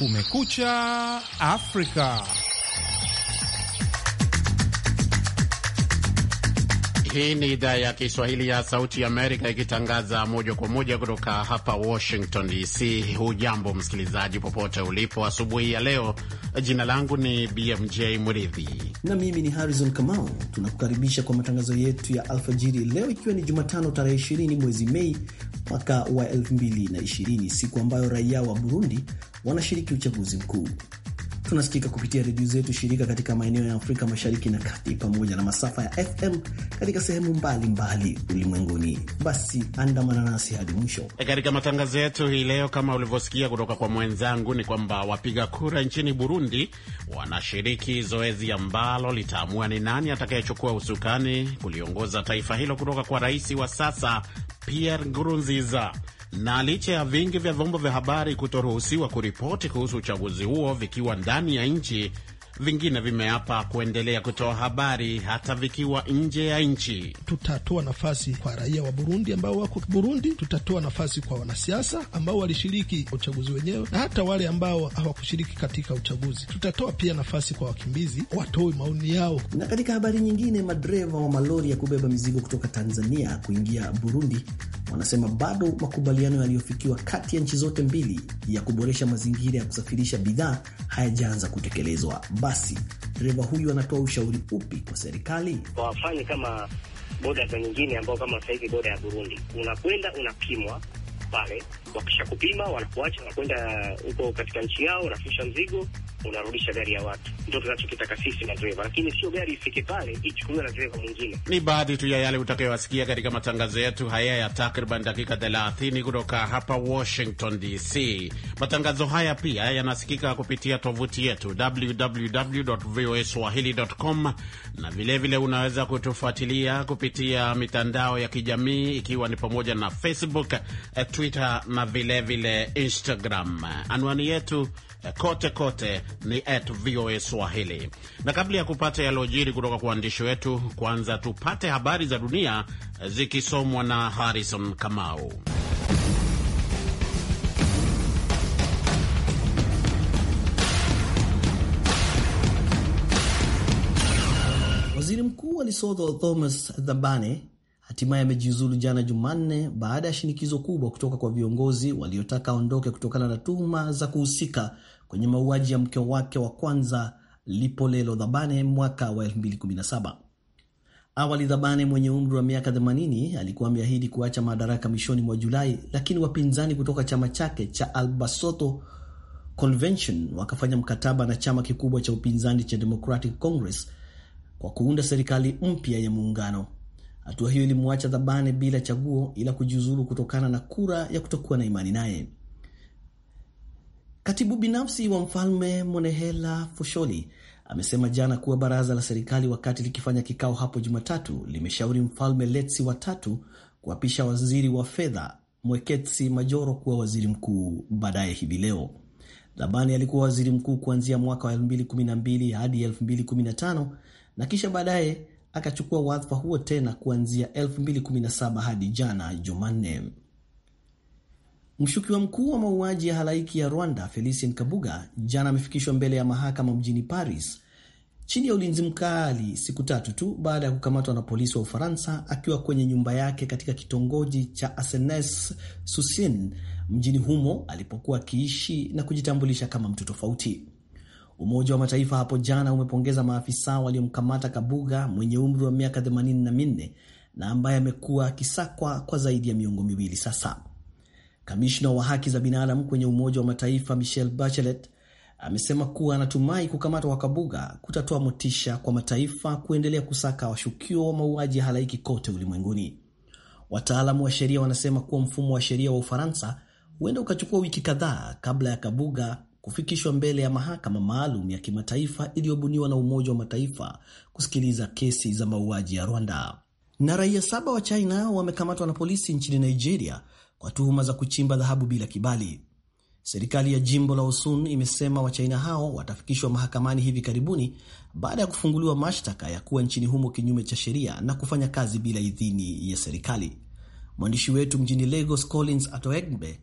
Kumekucha Afrika. Hii ni idhaa ya Kiswahili ya Sauti ya Amerika ikitangaza moja kwa moja kutoka hapa Washington DC. Hujambo msikilizaji, popote ulipo asubuhi ya leo. Jina langu ni BMJ Mridhi na mimi ni Harrison Kamau. Tunakukaribisha kwa matangazo yetu ya alfajiri leo, ikiwa ni Jumatano tarehe 20 mwezi Mei mwaka wa 2020, siku ambayo raia wa Burundi wanashiriki uchaguzi mkuu. Tunasikika kupitia redio zetu shirika katika maeneo ya Afrika Mashariki na Kati, pamoja na masafa ya FM katika sehemu mbalimbali ulimwenguni. Basi andamana nasi hadi mwisho e, katika matangazo yetu hii leo. Kama ulivyosikia kutoka kwa mwenzangu, ni kwamba wapiga kura nchini Burundi wanashiriki zoezi ambalo litaamua ni nani atakayechukua usukani kuliongoza taifa hilo kutoka kwa rais wa sasa Pierre Nkurunziza. Na licha ya vingi vya vyombo vya habari kutoruhusiwa kuripoti kuhusu uchaguzi huo vikiwa ndani ya nchi, vingine vimeapa kuendelea kutoa habari hata vikiwa nje ya nchi. Tutatoa nafasi kwa raia wa Burundi ambao wako Burundi, tutatoa nafasi kwa wanasiasa ambao walishiriki uchaguzi wenyewe na hata wale ambao hawakushiriki katika uchaguzi. Tutatoa pia nafasi kwa wakimbizi watoe maoni yao. Na katika habari nyingine, madereva wa malori ya kubeba mizigo kutoka Tanzania kuingia Burundi wanasema bado makubaliano yaliyofikiwa kati ya nchi zote mbili ya kuboresha mazingira ya kusafirisha bidhaa hayajaanza kutekelezwa basi, dereva huyu anatoa ushauri upi kwa serikali? Wafanye kama boda za nyingine, ambao kama sahizi boda ya Burundi, unakwenda unapimwa pale wakisha kupima wanakuacha, wanakwenda huko katika nchi yao, unafusha mzigo, unarudisha gari ya watu. Ndio tunachokitaka sisi na dreva, lakini sio gari ifike pale ichukuliwe na dreva mwingine. Ni baadhi tu ya yale utakayowasikia katika matangazo yetu haya ya takriban dakika 30 kutoka hapa Washington DC. Matangazo haya pia yanasikika kupitia tovuti yetu www.voaswahili.com, na vilevile vile unaweza kutufuatilia kupitia mitandao ya kijamii ikiwa ni pamoja na Facebook, eh, Twitter na na vilevile vile Instagram. Anwani yetu eh, kote kote ni at VOA Swahili. Na kabla ya kupata yalojiri kutoka kwa waandishi wetu, kwanza tupate habari za dunia eh, zikisomwa na Harrison Kamau. Waziri Mkuu wa Lesotho Thomas Dhabane hatimaye amejiuzulu jana Jumanne baada ya shinikizo kubwa kutoka kwa viongozi waliotaka aondoke kutokana na tuhuma za kuhusika kwenye mauaji ya mke wake wa kwanza Lipolelo Dhabane mwaka wa 2017. Awali Dhabane mwenye umri wa miaka 80 alikuwa ameahidi kuacha madaraka mwishoni mwa Julai, lakini wapinzani kutoka chama chake cha Albasoto Convention wakafanya mkataba na chama kikubwa cha upinzani cha Democratic Congress kwa kuunda serikali mpya ya muungano. Hatua hiyo ilimwacha Thabane bila chaguo ila kujiuzulu kutokana na kura ya kutokuwa na imani naye. Katibu binafsi wa mfalme Monehela Fusholi amesema jana kuwa baraza la serikali wakati likifanya kikao hapo Jumatatu limeshauri mfalme Letsi watatu kuapisha waziri wa fedha Mweketsi Majoro kuwa waziri mkuu baadaye hivi leo. Thabane alikuwa waziri mkuu kuanzia mwaka wa 2012 hadi 2015 na kisha baadaye akachukua wadhifa huo tena kuanzia 2017 hadi jana Jumanne. Mshukiwa mkuu wa mauaji ya halaiki ya Rwanda Felicien Kabuga jana amefikishwa mbele ya mahakama mjini Paris chini ya ulinzi mkali siku tatu tu baada ya kukamatwa na polisi wa Ufaransa akiwa kwenye nyumba yake katika kitongoji cha Asenes Susin mjini humo alipokuwa akiishi na kujitambulisha kama mtu tofauti. Umoja wa Mataifa hapo jana umepongeza maafisa waliomkamata Kabuga mwenye umri wa miaka 84 na ambaye amekuwa akisakwa kwa zaidi ya miongo miwili sasa. Kamishna wa haki za binadamu kwenye Umoja wa Mataifa Michelle Bachelet amesema kuwa anatumai kukamatwa kwa Kabuga kutatoa motisha kwa mataifa kuendelea kusaka washukiwa wa mauaji ya halaiki kote ulimwenguni. Wataalamu wa sheria wanasema kuwa mfumo wa sheria wa Ufaransa huenda ukachukua wiki kadhaa kabla ya Kabuga kufikishwa mbele ya mahakama maalum ya kimataifa iliyobuniwa na Umoja wa Mataifa kusikiliza kesi za mauaji ya Rwanda. Na raia saba wa China wamekamatwa na polisi nchini Nigeria kwa tuhuma za kuchimba dhahabu bila kibali. Serikali ya jimbo la Osun imesema Wachina hao watafikishwa mahakamani hivi karibuni baada ya kufunguliwa mashtaka ya kuwa nchini humo kinyume cha sheria na kufanya kazi bila idhini ya serikali. Mwandishi wetu mjini Lagos, Collins Atoegbe,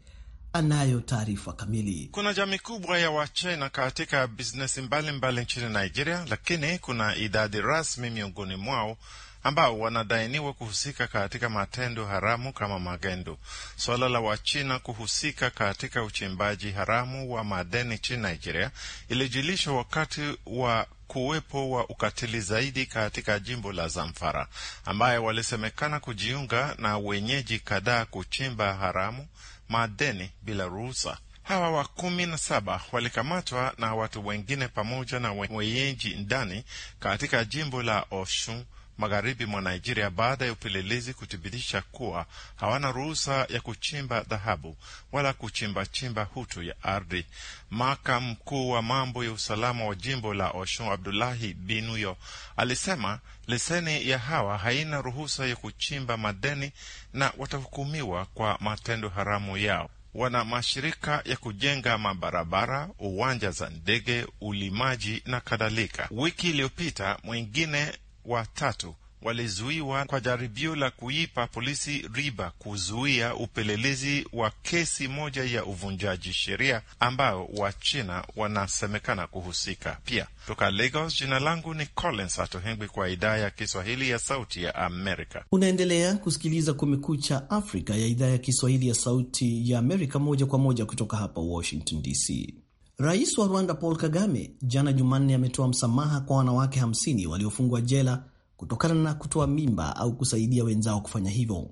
anayo taarifa kamili. Kuna jamii kubwa ya Wachina katika biznesi mbalimbali nchini Nigeria, lakini kuna idadi rasmi miongoni mwao ambao wanadainiwa kuhusika katika matendo haramu kama magendo. Suala la Wachina kuhusika katika uchimbaji haramu wa madeni nchini Nigeria ilijilishwa wakati wa kuwepo wa ukatili zaidi katika jimbo la Zamfara, ambaye walisemekana kujiunga na wenyeji kadhaa kuchimba haramu madeni bila ruhusa. Hawa wa kumi na saba walikamatwa na watu wengine pamoja na wenyeji ndani katika jimbo la Oshun magharibi mwa Nigeria baada ya upelelezi kuthibitisha kuwa hawana ruhusa ya kuchimba dhahabu wala kuchimbachimba hutu ya ardhi. Maka mkuu wa mambo ya usalama wa jimbo la Oshun, Abdullahi Binuyo, alisema leseni ya hawa haina ruhusa ya kuchimba madeni na watahukumiwa kwa matendo haramu yao. Wana mashirika ya kujenga mabarabara, uwanja za ndege, ulimaji na kadhalika. Wiki iliyopita mwingine watatu walizuiwa kwa jaribio la kuipa polisi riba kuzuia upelelezi wa kesi moja ya uvunjaji sheria ambao Wachina wanasemekana kuhusika pia. Toka Lagos, jina langu ni Collins Atohengwi kwa idhaa ya Kiswahili ya Sauti ya Amerika. Unaendelea kusikiliza Kumekucha Afrika ya idhaa ya Kiswahili ya Sauti ya Amerika, moja kwa moja kutoka hapa Washington DC. Rais wa Rwanda Paul Kagame jana Jumanne ametoa msamaha kwa wanawake 50 waliofungwa jela kutokana na kutoa mimba au kusaidia wenzao kufanya hivyo.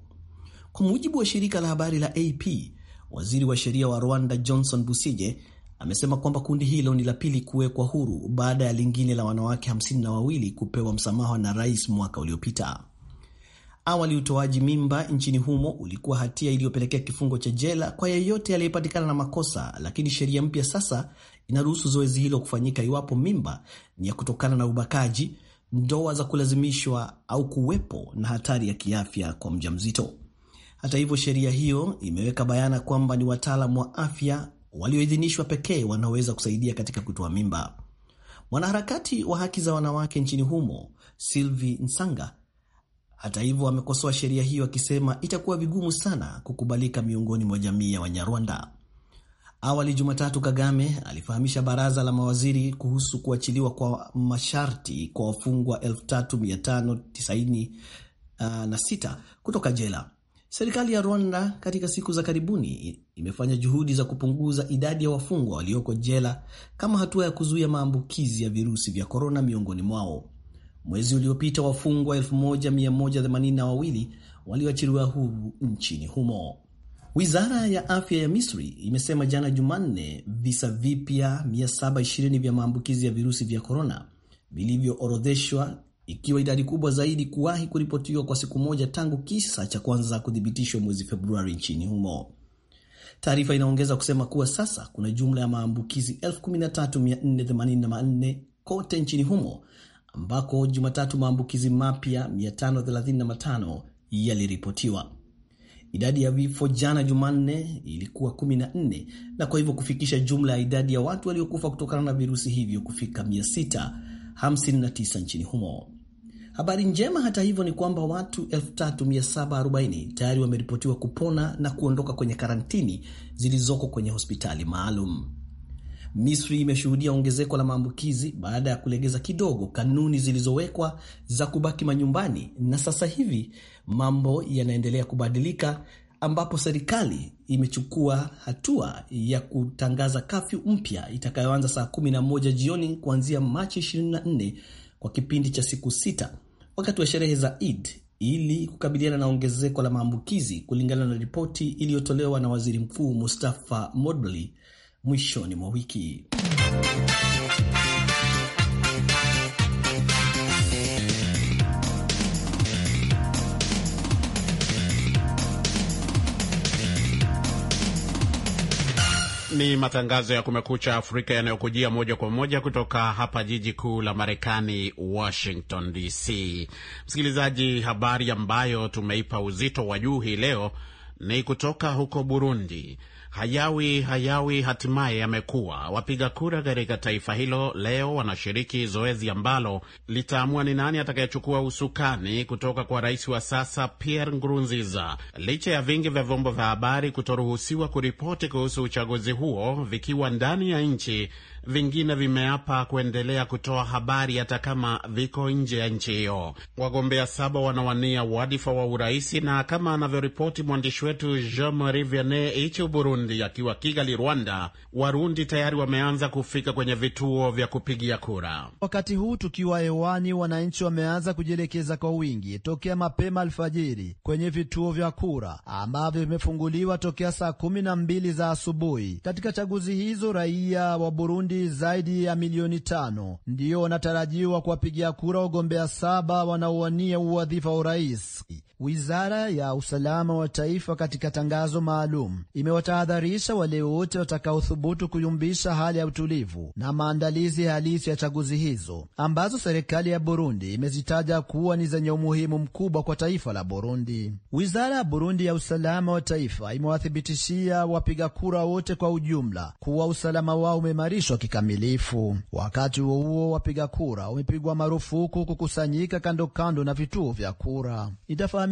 Kwa mujibu wa shirika la habari la AP, waziri wa sheria wa Rwanda Johnson Busije amesema kwamba kundi hilo ni la pili kuwekwa huru baada ya lingine la wanawake 5 wawili kupewa msamaha na rais mwaka uliopita. Awali utoaji mimba nchini humo ulikuwa hatia iliyopelekea kifungo cha jela kwa yeyote aliyepatikana na makosa, lakini sheria mpya sasa inaruhusu zoezi hilo kufanyika iwapo mimba ni ya kutokana na ubakaji, ndoa za kulazimishwa au kuwepo na hatari ya kiafya kwa mjamzito. Hata hivyo, sheria hiyo imeweka bayana kwamba ni wataalam wa afya walioidhinishwa pekee wanaoweza kusaidia katika kutoa mimba. Mwanaharakati wa haki za wanawake nchini humo Sylvie Nsanga hata hivyo, amekosoa sheria hiyo akisema itakuwa vigumu sana kukubalika miongoni mwa jamii ya Wanyarwanda. Awali Jumatatu, Kagame alifahamisha baraza la mawaziri kuhusu kuachiliwa kwa masharti kwa wafungwa 3596 kutoka jela. Serikali ya Rwanda katika siku za karibuni imefanya juhudi za kupunguza idadi ya wafungwa walioko jela kama hatua ya kuzuia maambukizi ya virusi vya korona miongoni mwao. Mwezi uliopita wafungwa 1182 walioachiliwa huru nchini humo. Wizara ya afya ya Misri imesema jana Jumanne visa vipya 720 vya maambukizi ya virusi vya korona vilivyoorodheshwa, ikiwa idadi kubwa zaidi kuwahi kuripotiwa kwa siku moja tangu kisa cha kwanza kuthibitishwa mwezi Februari nchini humo. Taarifa inaongeza kusema kuwa sasa kuna jumla ya maambukizi 13484 kote nchini humo ambako Jumatatu maambukizi mapya 535 yaliripotiwa. Idadi ya vifo jana Jumanne ilikuwa 14 na kwa hivyo kufikisha jumla ya idadi ya watu waliokufa kutokana na virusi hivyo kufika 659 nchini humo. Habari njema hata hivyo ni kwamba watu 3740 tayari wameripotiwa kupona na kuondoka kwenye karantini zilizoko kwenye hospitali maalum. Misri imeshuhudia ongezeko la maambukizi baada ya kulegeza kidogo kanuni zilizowekwa za kubaki manyumbani, na sasa hivi mambo yanaendelea kubadilika, ambapo serikali imechukua hatua ya kutangaza kafyu mpya itakayoanza saa 11 jioni kuanzia Machi 24 kwa kipindi cha siku sita wakati wa sherehe za Eid ili kukabiliana na ongezeko la maambukizi, kulingana na ripoti iliyotolewa na waziri mkuu Mustafa Modly mwishoni mwa wiki. Ni matangazo ya Kumekucha Afrika yanayokujia moja kwa moja kutoka hapa jiji kuu la Marekani, Washington DC. Msikilizaji, habari ambayo tumeipa uzito wa juu hii leo ni kutoka huko Burundi hayawi hayawi hatimaye yamekuwa. Wapiga kura katika taifa hilo leo wanashiriki zoezi ambalo litaamua ni nani atakayechukua usukani kutoka kwa rais wa sasa Pierre Nkurunziza, licha ya vingi vya vyombo vya habari kutoruhusiwa kuripoti kuhusu uchaguzi huo vikiwa ndani ya nchi vingine vimeapa kuendelea kutoa habari hata kama viko nje ya nchi hiyo. Wagombea saba wanawania wadhifa wa uraisi, na kama anavyoripoti mwandishi wetu Jean Marie Vianney Ichu Burundi akiwa Kigali, Rwanda, Warundi tayari wameanza kufika kwenye vituo vya kupigia kura. Wakati huu tukiwa hewani, wananchi wameanza kujielekeza kwa wingi tokea mapema alfajiri kwenye vituo vya kura ambavyo vimefunguliwa tokea saa kumi na mbili za asubuhi. Katika chaguzi hizo raia wa Burundi idadi zaidi ya milioni tano ndiyo wanatarajiwa kuwapigia kura wagombea saba wanaowania uwadhifa wa urais. Wizara ya usalama wa taifa katika tangazo maalum imewatahadharisha wale wote watakaothubutu kuyumbisha hali ya utulivu na maandalizi halisi ya chaguzi hizo ambazo serikali ya Burundi imezitaja kuwa ni zenye umuhimu mkubwa kwa taifa la Burundi. Wizara ya Burundi ya usalama wa taifa imewathibitishia wapiga kura wote kwa ujumla kuwa usalama wao umeimarishwa kikamilifu. Wakati huo huo, wapiga kura wamepigwa marufuku kukusanyika kando kando na vituo vya kura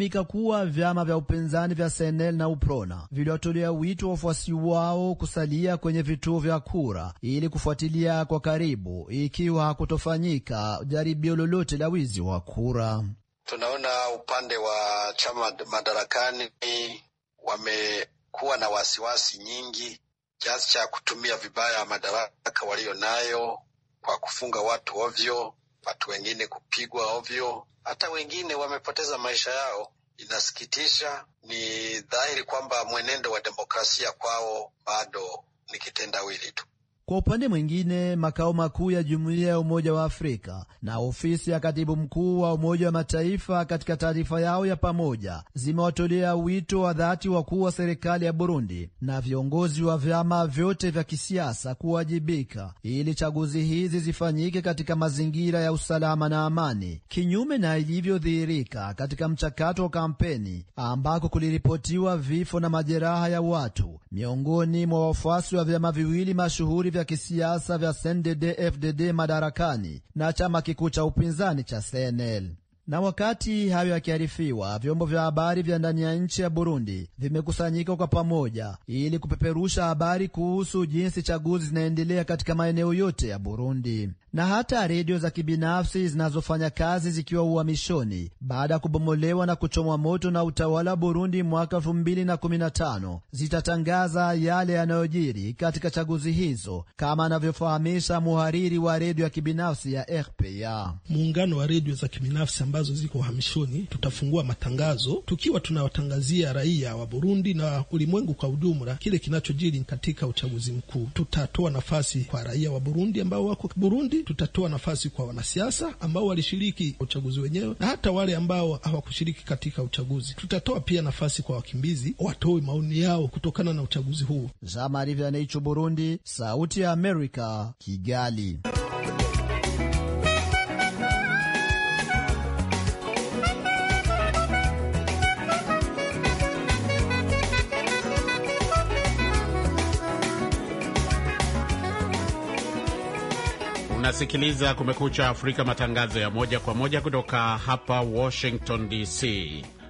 inafahamika kuwa vyama vya upinzani vya Senel na Uprona viliwatolea wito wa wafuasi wao kusalia kwenye vituo vya kura ili kufuatilia kwa karibu ikiwa kutofanyika jaribio lolote la wizi wa kura. Tunaona upande wa chama madarakani wamekuwa na wasiwasi nyingi kiasi cha kutumia vibaya madaraka walionayo kwa kufunga watu ovyo watu wengine kupigwa ovyo, hata wengine wamepoteza maisha yao. Inasikitisha. Ni dhahiri kwamba mwenendo wa demokrasia kwao bado ni kitendawili tu. Kwa upande mwingine, makao makuu ya Jumuiya ya Umoja wa Afrika na ofisi ya katibu mkuu wa Umoja wa Mataifa katika taarifa yao ya pamoja zimewatolea wito wa dhati wakuu wa serikali ya Burundi na viongozi wa vyama vyote vya kisiasa kuwajibika ili chaguzi hizi zifanyike katika mazingira ya usalama na amani, kinyume na ilivyodhihirika katika mchakato wa kampeni ambako kuliripotiwa vifo na majeraha ya watu miongoni mwa wafuasi wa vyama viwili mashuhuri vya kisiasa vya CNDD FDD madarakani na chama kikuu cha upinzani cha CNL. Na wakati hayo yakiarifiwa, vyombo vya habari vya ndani ya nchi ya Burundi vimekusanyika kwa pamoja ili kupeperusha habari kuhusu jinsi chaguzi zinaendelea katika maeneo yote ya Burundi na hata redio za kibinafsi zinazofanya kazi zikiwa uhamishoni baada ya kubomolewa na kuchomwa moto na utawala wa Burundi mwaka 2015 zitatangaza yale yanayojiri katika chaguzi hizo, kama anavyofahamisha muhariri wa redio ya kibinafsi ya RPA. Muungano wa redio za kibinafsi ambazo ziko uhamishoni, tutafungua matangazo tukiwa tunawatangazia raia wa Burundi na ulimwengu kwa ujumla kile kinachojiri katika uchaguzi mkuu. Tutatoa nafasi kwa raia wa Burundi ambao wako Burundi tutatoa nafasi kwa wanasiasa ambao walishiriki uchaguzi wenyewe na hata wale ambao hawakushiriki katika uchaguzi. Tutatoa pia nafasi kwa wakimbizi watoe maoni yao kutokana na uchaguzi huu. Jean Marie Burundi, Sauti ya Amerika, Kigali. Unasikiliza Kumekucha Afrika, matangazo ya moja kwa moja kutoka hapa Washington DC.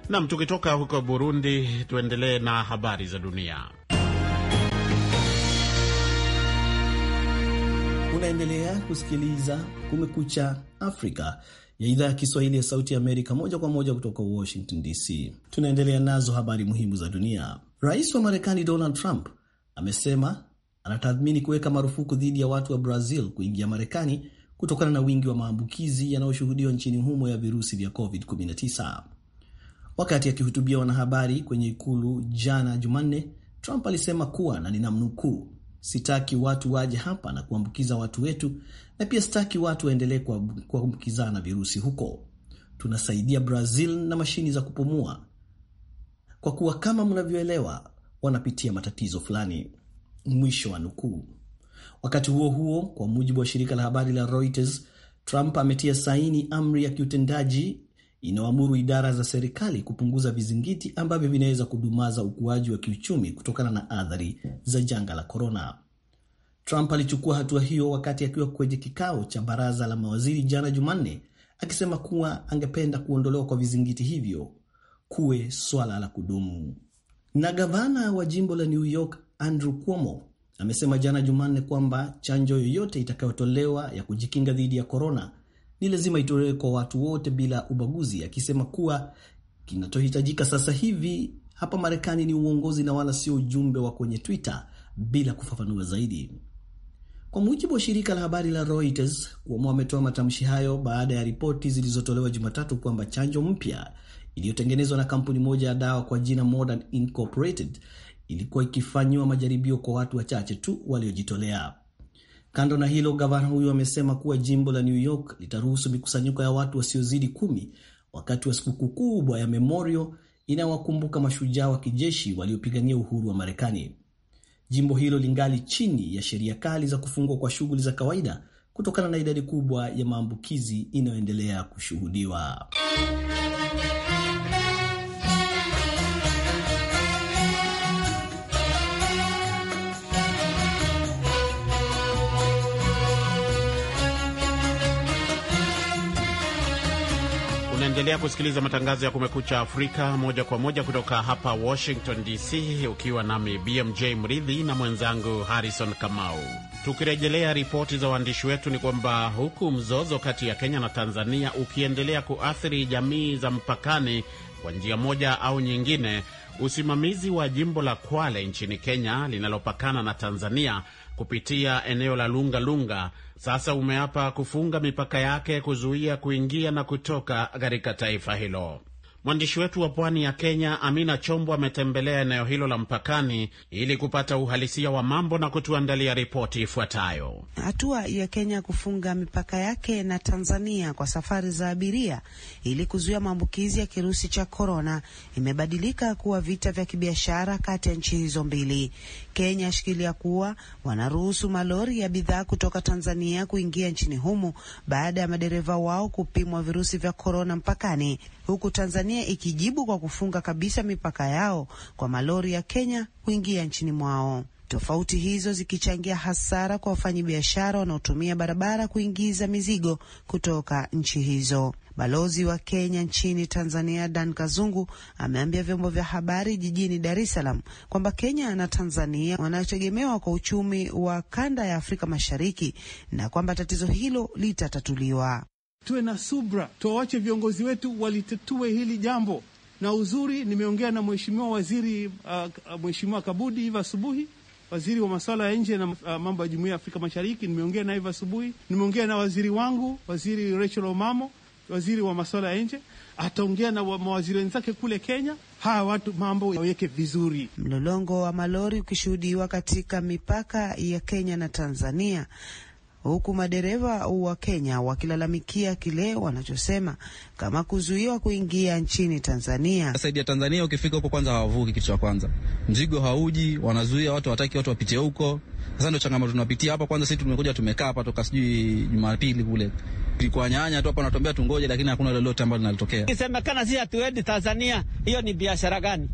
Nam, tukitoka huko Burundi, tuendelee na habari za dunia. Unaendelea kusikiliza Kumekucha Afrika ya idhaa ya Kiswahili ya Sauti ya Amerika, moja kwa moja kutoka Washington DC. Tunaendelea nazo habari muhimu za dunia. Rais wa Marekani Donald Trump amesema anatathmini kuweka marufuku dhidi ya watu wa Brazil kuingia Marekani kutokana na wingi wa maambukizi yanayoshuhudiwa nchini humo ya virusi vya COVID-19. Wakati akihutubia wanahabari kwenye ikulu jana Jumanne, Trump alisema kuwa na ninamnukuu, sitaki watu waje hapa na kuambukiza watu wetu, na pia sitaki watu waendelee kuambukizana virusi huko. Tunasaidia Brazil na mashini za kupumua, kwa kuwa kama mnavyoelewa, wanapitia matatizo fulani. Mwisho wa nukuu. Wakati huo huo, kwa mujibu wa shirika la habari la Reuters, Trump ametia saini amri ya kiutendaji inayoamuru idara za serikali kupunguza vizingiti ambavyo vinaweza kudumaza ukuaji wa kiuchumi kutokana na athari za janga la korona. Trump alichukua hatua hiyo wakati akiwa kwenye kikao cha baraza la mawaziri jana Jumanne, akisema kuwa angependa kuondolewa kwa vizingiti hivyo kuwe swala la kudumu. Na gavana wa jimbo la New York Andrew Cuomo amesema jana Jumanne kwamba chanjo yoyote itakayotolewa ya kujikinga dhidi ya korona ni lazima itolewe kwa watu wote bila ubaguzi, akisema kuwa kinachohitajika sasa hivi hapa Marekani ni uongozi na wala sio ujumbe wa kwenye Twitter, bila kufafanua zaidi. Kwa mujibu wa shirika la habari la Reuters, Cuomo ametoa matamshi hayo baada ya ripoti zilizotolewa Jumatatu kwamba chanjo mpya iliyotengenezwa na kampuni moja ya dawa kwa jina Modern Incorporated ilikuwa ikifanyiwa majaribio kwa watu wachache tu waliojitolea. Kando na hilo, gavana huyo amesema kuwa jimbo la New York litaruhusu mikusanyiko ya watu wasiozidi kumi wakati wa sikukuu kubwa ya Memorial inayowakumbuka mashujaa wa kijeshi waliopigania uhuru wa Marekani. Jimbo hilo lingali chini ya sheria kali za kufungwa kwa shughuli za kawaida kutokana na idadi kubwa ya maambukizi inayoendelea kushuhudiwa. Unaendelea kusikiliza matangazo ya Kumekucha Afrika moja kwa moja kutoka hapa Washington DC, ukiwa nami BMJ Mridhi na mwenzangu Harrison Kamau. Tukirejelea ripoti za waandishi wetu, ni kwamba huku mzozo kati ya Kenya na Tanzania ukiendelea kuathiri jamii za mpakani kwa njia moja au nyingine, usimamizi wa jimbo la Kwale nchini Kenya linalopakana na Tanzania kupitia eneo la Lunga Lunga sasa umeapa kufunga mipaka yake kuzuia kuingia na kutoka katika taifa hilo. Mwandishi wetu wa pwani ya Kenya, Amina Chombo, ametembelea eneo hilo la mpakani ili kupata uhalisia wa mambo na kutuandalia ripoti ifuatayo. Hatua ya Kenya kufunga mipaka yake na Tanzania kwa safari za abiria ili kuzuia maambukizi ya kirusi cha korona imebadilika kuwa vita vya kibiashara kati ya nchi hizo mbili. Kenya ashikilia kuwa wanaruhusu malori ya bidhaa kutoka Tanzania kuingia nchini humo baada ya madereva wao kupimwa virusi vya korona mpakani, huku Tanzania Tanzania ikijibu kwa kufunga kabisa mipaka yao kwa malori ya Kenya kuingia nchini mwao. Tofauti hizo zikichangia hasara kwa wafanyabiashara wanaotumia barabara kuingiza mizigo kutoka nchi hizo. Balozi wa Kenya nchini Tanzania Dan Kazungu ameambia vyombo vya habari jijini Dar es Salaam kwamba Kenya na Tanzania wanategemewa kwa uchumi wa kanda ya Afrika Mashariki na kwamba tatizo hilo litatatuliwa tuwe na subra, tuwawache viongozi wetu walitetue hili jambo. Na uzuri nimeongea na mheshimiwa waziri uh, uh mheshimiwa Kabudi hivi asubuhi, waziri wa masuala ya nje na uh, mambo ya jumuiya ya Afrika Mashariki. Nimeongea naye hivi asubuhi, nimeongea na waziri wangu, waziri Rachel Omamo, waziri wa masuala ya nje ataongea na mawaziri wenzake kule Kenya. Hawa watu mambo yaweke vizuri. Mlolongo wa malori ukishuhudiwa katika mipaka ya Kenya na Tanzania huku madereva wa Kenya wakilalamikia kile wanachosema kama kuzuiwa kuingia nchini Tanzania. Saidi ya Tanzania ukifika huko kwanza hawavuki, kitu cha kwanza mzigo hauji, wanazuia watu, wataki watu wapitie huko. Sasa ndio changamoto tunapitia hapa. Kwanza sisi tumekuja tumekaa hapa toka sijui Jumapili kule kwa nyanya tu hapa, natuambia tungoje, lakini hakuna lolote ambalo linalitokea. Ikisemekana sisi hatuendi Tanzania, hiyo ni biashara gani?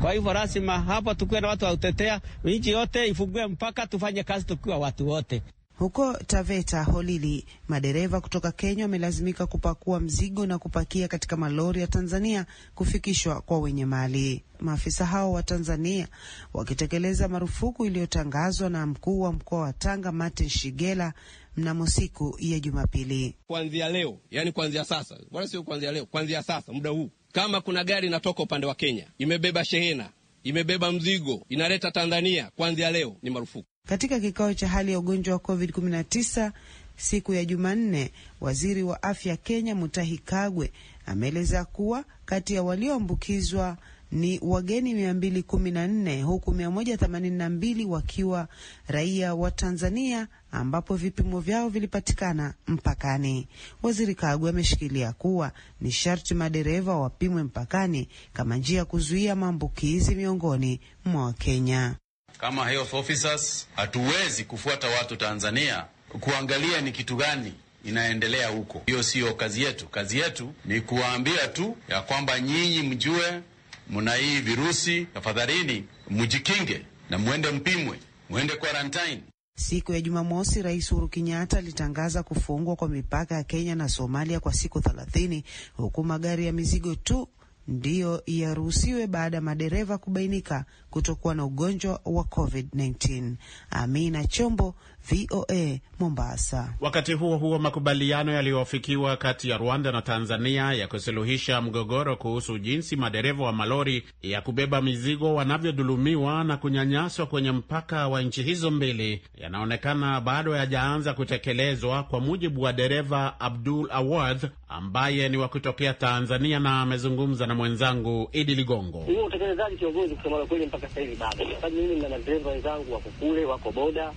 Kwa hivyo lazima hapa tukuwe na watu wa kutetea nchi yote, ifungue mpaka tufanye kazi tukiwa watu wote. Huko Taveta Holili, madereva kutoka Kenya wamelazimika kupakua mzigo na kupakia katika malori ya Tanzania kufikishwa kwa wenye mali. Maafisa hao wa Tanzania wakitekeleza marufuku iliyotangazwa na mkuu wa mkoa wa Tanga Martin Shigela mnamo siku ya Jumapili. Kuanzia leo, yani kuanzia sasa, wala sio kuanzia leo, kuanzia sasa, muda huu, kama kuna gari inatoka upande wa Kenya imebeba shehena, imebeba mzigo, inaleta Tanzania, kuanzia leo ni marufuku. Katika kikao cha hali ya ugonjwa wa COVID-19 siku ya Jumanne, waziri wa afya Kenya Mutahi Kagwe ameeleza kuwa kati ya walioambukizwa ni wageni 214 huku 182 wakiwa raia wa Tanzania ambapo vipimo vyao vilipatikana mpakani. Waziri Kagwe ameshikilia kuwa ni sharti madereva wapimwe mpakani kama njia ya kuzuia maambukizi miongoni mwa Wakenya kama health officers hatuwezi kufuata watu Tanzania kuangalia ni kitu gani inaendelea huko. Hiyo siyo kazi yetu. Kazi yetu ni kuwaambia tu ya kwamba nyinyi mjue mna hii virusi, tafadhalini mjikinge na mwende mpimwe, mwende quarantine. Siku ya Jumamosi, Rais Uhuru Kenyatta alitangaza kufungwa kwa mipaka ya Kenya na Somalia kwa siku thelathini, huku magari ya mizigo tu ndiyo yaruhusiwe baada ya madereva kubainika kutokuwa na ugonjwa wa COVID-19. Amina Chombo, VOA Mombasa. Wakati huo huo, makubaliano yaliyofikiwa kati ya Rwanda na Tanzania ya kusuluhisha mgogoro kuhusu jinsi madereva wa malori ya kubeba mizigo wanavyodhulumiwa na kunyanyaswa kwenye mpaka wa nchi hizo mbili yanaonekana bado yajaanza kutekelezwa, kwa mujibu wa dereva Abdul Awadh ambaye ni wa kutokea Tanzania na amezungumza na mwenzangu Idi Ligongo. Huo utekelezaji, kiongozi, kusema kweli, mpaka sasa hivi bado mimi na madereva wenzangu wako kule, wako boda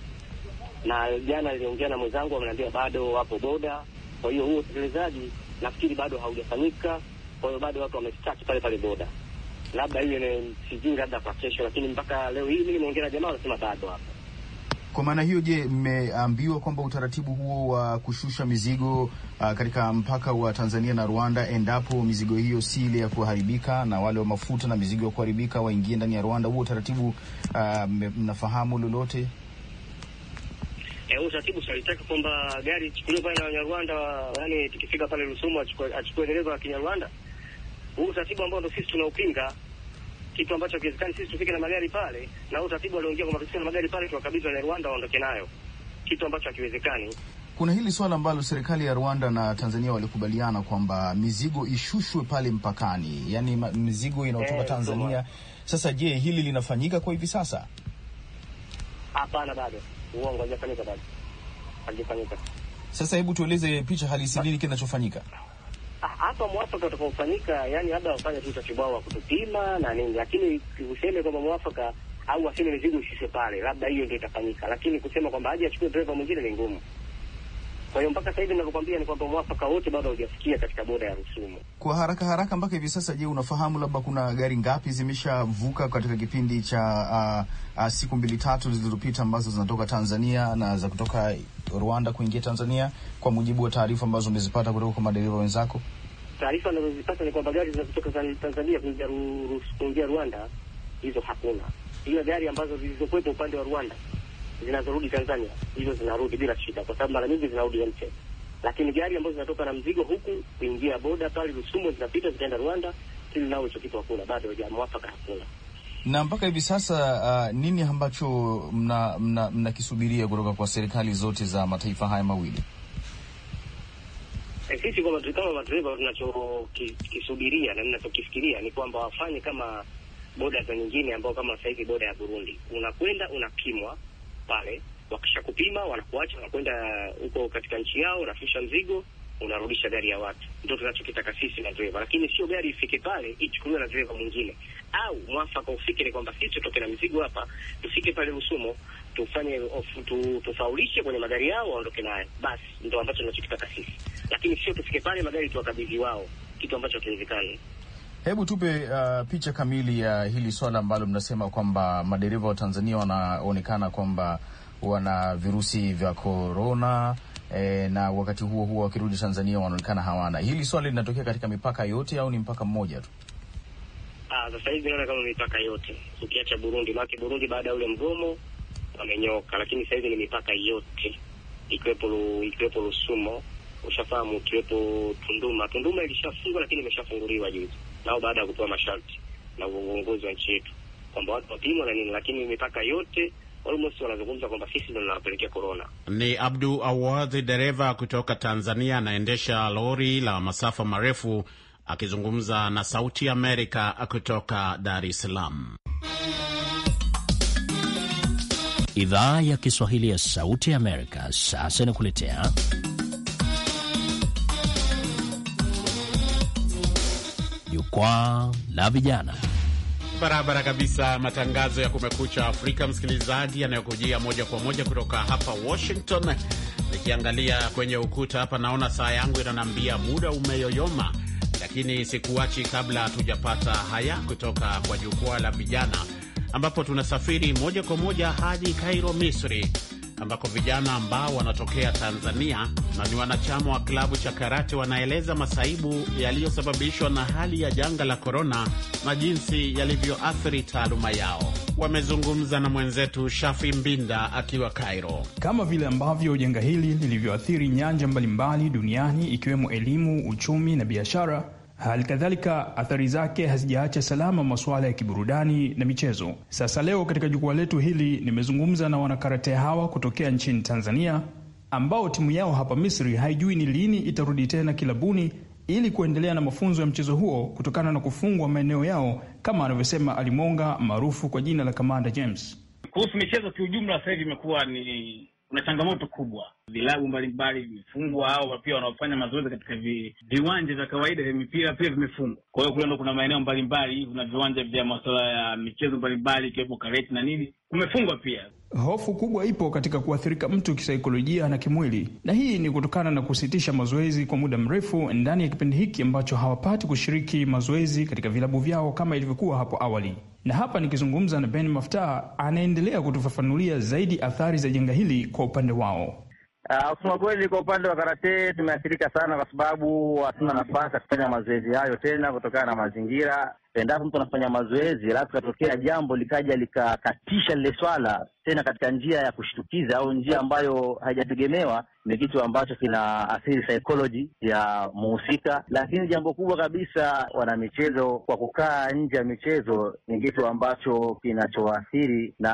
na jana niliongea na mwenzangu, ameniambia bado wapo boda. Kwa hiyo huo utekelezaji nafikiri bado haujafanyika, kwa hiyo bado watu wamestaki pale pale boda, labda hiyo ni sijui, labda kwa kesho, lakini mpaka leo hii mimi nimeongea na jamaa wanasema bado hapo. Kwa maana hiyo, je, mmeambiwa kwamba utaratibu huo wa kushusha mizigo uh, katika mpaka wa Tanzania na Rwanda, endapo mizigo hiyo si ile ya kuharibika na wale wa mafuta na mizigo ya kuharibika waingie ndani ya Rwanda, huo utaratibu uh, mnafahamu lolote? eh, utaratibu utalitaka kwamba gari ichukuliwe pale na Wanyarwanda, yani tukifika pale Rusumo achukue dereva wa Kinyarwanda. Huu utaratibu ambao ndo sisi tunaupinga, kitu ambacho kiwezekani sisi tufike na magari pale, na huu utaratibu aliongea kwamba tufike na magari pale tuwakabidhi Wanyarwanda waondoke nayo, kitu ambacho hakiwezekani. Kuna hili swala ambalo serikali ya Rwanda na Tanzania walikubaliana kwamba mizigo ishushwe pale mpakani, yaani mizigo inayotoka eh, Tanzania. Sasa je, hili linafanyika kwa hivi sasa? Hapana, bado uongo, haijafanyika bado, Sasa hebu tueleze picha halisi, nini kinachofanyika ah, hapa mwafaka utakaofanyika, yani labda wafanye tu utaratibu wao wa kutupima na nini, lakini useme kwamba mwafaka au waseme mizigo isishe pale, labda hiyo ndio itafanyika, lakini kusema kwamba aje achukue dreva mwingine ni ngumu. Kwa hiyo mpaka sasa hivi ninavyokwambia ni kwamba mwafaka wote bado haujafikia katika boda ya Rusumo. Kwa haraka haraka, mpaka hivi sasa, je, unafahamu labda kuna gari ngapi zimeshavuka katika kipindi cha uh, uh, siku mbili tatu zilizopita ambazo zinatoka Tanzania na za kutoka Rwanda kuingia Tanzania, kwa mujibu wa taarifa ambazo umezipata kutoka kwa madereva wenzako? Taarifa ninazozipata ni kwamba gari zinazotoka Tanzania kuingia Rwanda hizo hakuna, ila gari ambazo zilizokuwepo upande wa Rwanda zinazorudi Tanzania hizo zinarudi bila shida, kwa sababu mara nyingi zinarudi nje. Lakini gari ambazo zinatoka na mzigo huku kuingia boda pale Rusumo zinapita zikaenda Rwanda, ili nao hicho kitu hakuna bado, hajamwafaka hakuna. Na mpaka hivi sasa uh, nini ambacho mnakisubiria mna, mna kutoka kwa serikali zote za mataifa haya mawili? Eh, sisi kama madereva tunachokisubiria na ninachokifikiria ni kwamba wafanye kama boda za nyingine ambao kama sasa hivi boda ya Burundi unakwenda unapimwa pale, wakishakupima wanakuacha, wanakwenda huko katika nchi yao, unafisha mzigo, unarudisha gari ya watu. Ndio tunachokitaka sisi na dreva, lakini sio gari ifike pale ichukuliwe na dreva mwingine, au mwafaka ufike ni kwamba sisi tutoke na mzigo hapa, tufike pale Rusumo tufanye tu, tufaulishe kwenye magari yao waondoke nayo, basi ndio ambacho tunachokitaka sisi, lakini sio tufike pale magari tuwakabidhi wao, kitu ambacho hakiwezekani. Hebu tupe uh, picha kamili ya uh, hili swala ambalo mnasema kwamba madereva wa Tanzania wanaonekana kwamba wana virusi vya korona e, eh, na wakati huo huo wakirudi Tanzania wanaonekana hawana. Hili swala linatokea katika mipaka yote au ni mpaka mmoja tu? Ah, sasa hivi naona kama mipaka yote ukiacha Burundi, maana Burundi baada ya ule mgomo wamenyoka, lakini sasa hivi ni mipaka yote ikiwepo ikiwepo Rusumo, ushafahamu, ikiwepo Tunduma. Tunduma ilishafungwa lakini imeshafunguliwa juzi nao baada ya kupewa masharti na uongozi wa nchi yetu kwamba watu wapimwa na nini, lakini mipaka yote almost wanazungumza kwamba sisi ndo tunawapelekea korona. Ni Abdu Awadhi, dereva kutoka Tanzania, anaendesha lori la masafa marefu, akizungumza na Sauti Amerika kutoka Dar es Salaam. Idhaa ya Kiswahili ya Sauti Amerika sasa inakuletea jukwaa la vijana barabara kabisa. Matangazo ya Kumekucha Afrika, msikilizaji, yanayokujia moja kwa moja kutoka hapa Washington. Nikiangalia kwenye ukuta hapa, naona saa yangu inaniambia muda umeyoyoma, lakini sikuachi kabla hatujapata haya kutoka kwa jukwaa la vijana, ambapo tunasafiri moja kwa moja hadi Kairo, Misri ambako vijana ambao wanatokea Tanzania na ni wanachama wa klabu cha karate wanaeleza masaibu yaliyosababishwa na hali ya janga la korona na jinsi yalivyoathiri taaluma yao. Wamezungumza na mwenzetu Shafi Mbinda akiwa Kairo. Kama vile ambavyo janga hili lilivyoathiri nyanja mbalimbali duniani ikiwemo elimu, uchumi na biashara Hali kadhalika athari zake hazijaacha salama masuala ya kiburudani na michezo. Sasa leo katika jukwaa letu hili nimezungumza na wanakarate hawa kutokea nchini Tanzania ambao timu yao hapa Misri haijui ni lini itarudi tena kilabuni ili kuendelea na mafunzo ya mchezo huo kutokana na kufungwa maeneo yao, kama anavyosema Alimonga maarufu kwa jina la Kamanda James. Kuhusu michezo kiujumla, sasa hivi imekuwa ni kuna changamoto kubwa. Vilabu mbalimbali vimefungwa au pia wanaofanya mazoezi katika vi, viwanja vya kawaida vya mipira pia vimefungwa. Kwa hiyo kule ndo kuna maeneo mbalimbali, kuna viwanja vya masuala ya michezo mbalimbali ikiwepo kareti na nini kumefungwa pia. Hofu kubwa ipo katika kuathirika mtu kisaikolojia na kimwili, na hii ni kutokana na kusitisha mazoezi kwa muda mrefu ndani ya kipindi hiki ambacho hawapati kushiriki mazoezi katika vilabu vyao kama ilivyokuwa hapo awali. Na hapa nikizungumza na Ben mafta anaendelea kutufafanulia zaidi athari za janga hili kwa upande wao. Uh, kusema kweli kwa upande wa karate tumeathirika sana, kwa sababu hatuna nafasi ya kufanya mazoezi hayo tena kutokana na mazingira. Endapo mtu anafanya mazoezi alafu katokea jambo likaja likakatisha lile swala tena katika njia ya kushtukiza au njia ambayo haijategemewa, ni kitu ambacho kinaathiri psychology ya muhusika lakini jambo kubwa kabisa, wanamichezo kwa kukaa nje ya michezo ni kitu ambacho kinachoathiri na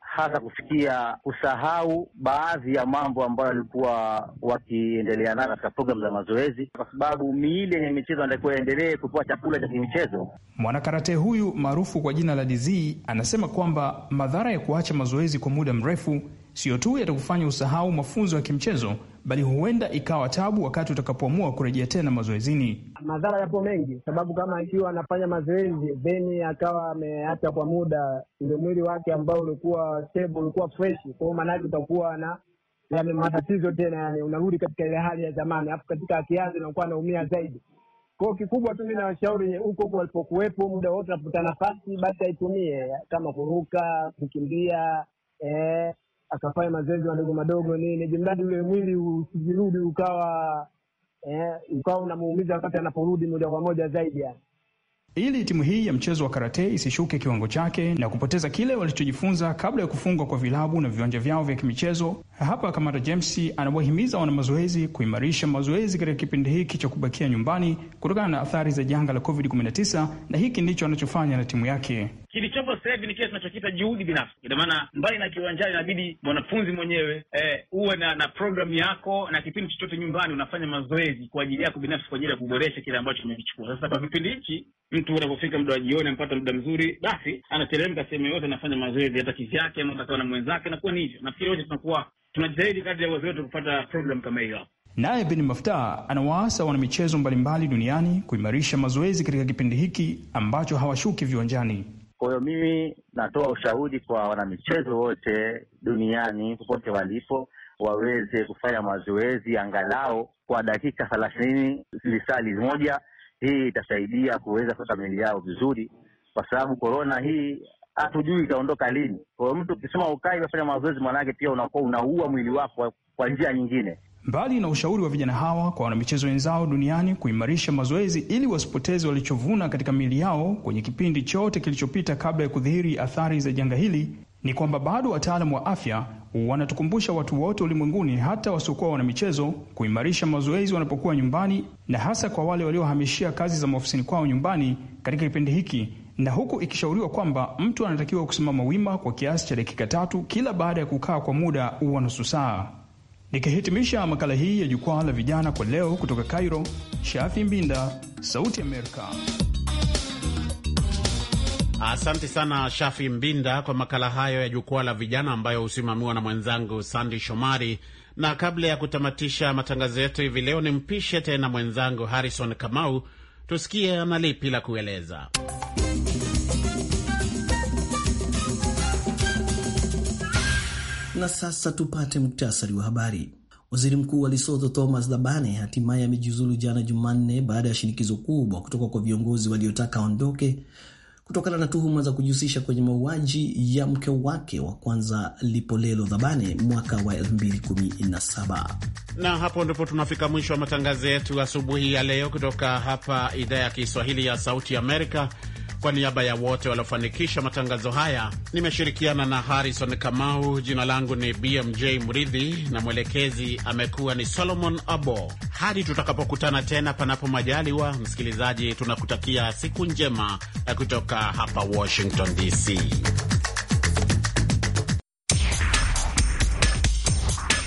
hasa kufikia kusahau baadhi ya mambo ambayo walikuwa wakiendelea nayo katika programu za mazoezi, kwa sababu miili yenye michezo anatakiwa endelee kupewa chakula cha kimichezo. Mwanakarate huyu maarufu kwa jina la Dizii anasema kwamba madhara ya kuacha mazoezi kwa muda mrefu siyo tu yatakufanya usahau mafunzo ya kimchezo, bali huenda ikawa tabu wakati utakapoamua kurejea tena mazoezini. Madhara yapo mengi, sababu kama akiwa anafanya mazoezi theni akawa ameacha kwa muda, ndio mwili wake ambao ulikuwa stable, ulikuwa fresh, kwa hiyo maanake utakuwa na yani matatizo tena, yani unarudi katika ile hali ya zamani, alafu katika akianza unakuwa anaumia zaidi. Kwao kikubwa tu mi nawashauri huko huko walipokuwepo, muda wote anapata nafasi basi aitumie, kama kuruka, kukimbia eh, akafanya mazoezi madogo madogo nini, jimradi ule mwili usijirudi ukawa eh, ukawa unamuumiza wakati anaporudi moja kwa moja zaidi yani. Ili timu hii ya mchezo wa karate isishuke kiwango chake na kupoteza kile walichojifunza kabla ya kufungwa kwa vilabu na viwanja vyao vya kimichezo, hapa Kamanda James anawahimiza wanamazoezi kuimarisha mazoezi katika kipindi hiki cha kubakia nyumbani kutokana na athari za janga la COVID-19, na hiki ndicho anachofanya na timu yake. Kilichopo sasa hivi ni kile tunachokita juhudi binafsi. Ina maana mbali na kiwanjani, inabidi mwanafunzi mwenyewe eh, uwe na na programu yako na kipindi chochote nyumbani unafanya mazoezi kwa ajili yako binafsi, kwa ajili ya kuboresha kile ambacho umekichukua. Sasa kwa kipindi hichi mtu unapofika muda wa jioni ampata muda mzuri, basi anateremka sehemu yote, anafanya mazoezi, hata kivyake ama atakuwa na mwenzake, nakuwa ni hivyo. Nafikiri wote tunakuwa tunajitahidi kadri ya uwezo wetu kupata programu kama hiyo. Naye Bin Mafta anawaasa wanamichezo mbalimbali duniani kuimarisha mazoezi katika kipindi hiki ambacho hawashuki viwanjani. Kwa hiyo mimi natoa ushauri kwa wanamichezo wote duniani popote walipo waweze kufanya mazoezi angalau kwa dakika thelathini lisali moja. Hii itasaidia kuweza kuweka miili yao vizuri, kwa sababu korona hii hatujui itaondoka lini. Kwa hiyo mtu ukisema ukai unafanya mazoezi, maanake pia unakuwa unaua mwili wako kwa njia nyingine. Mbali na ushauri wa vijana hawa kwa wanamichezo wenzao duniani kuimarisha mazoezi ili wasipoteze walichovuna katika miili yao kwenye kipindi chote kilichopita kabla ya kudhihiri athari za janga hili, ni kwamba bado wataalamu wa afya wanatukumbusha watu wote ulimwenguni, hata wasiokuwa wanamichezo, kuimarisha mazoezi wanapokuwa nyumbani, na hasa kwa wale waliohamishia kazi za maofisini kwao nyumbani katika kipindi hiki, na huku ikishauriwa kwamba mtu anatakiwa kusimama wima kwa kiasi cha dakika tatu kila baada ya kukaa kwa muda wa nusu saa. Nikihitimisha makala hii ya jukwaa la vijana kwa leo, kutoka Cairo, Shafi Mbinda, Sauti Amerika. Asante sana Shafi Mbinda kwa makala hayo ya jukwaa la vijana ambayo husimamiwa na mwenzangu Sandi Shomari. Na kabla ya kutamatisha matangazo yetu hivi leo, ni mpishe tena mwenzangu Harrison Kamau tusikie analipi la kueleza. Na sasa tupate muktasari wa habari. Waziri mkuu wa Lesotho Thomas Dhabane hatimaye amejiuzulu jana Jumanne baada ya shinikizo kubwa kutoka kwa viongozi waliotaka aondoke kutokana na tuhuma za kujihusisha kwenye mauaji ya mke wake wa kwanza Lipolelo Dhabane mwaka wa 2017. Na hapo ndipo tunafika mwisho wa matangazo yetu asubuhi ya leo kutoka hapa idhaa ya Kiswahili ya Sauti Amerika. Kwa niaba ya wote waliofanikisha matangazo haya, nimeshirikiana na Harrison Kamau. Jina langu ni BMJ Mridhi na mwelekezi amekuwa ni Solomon Abo. Hadi tutakapokutana tena, panapo majaliwa, msikilizaji, tunakutakia siku njema kutoka hapa Washington DC.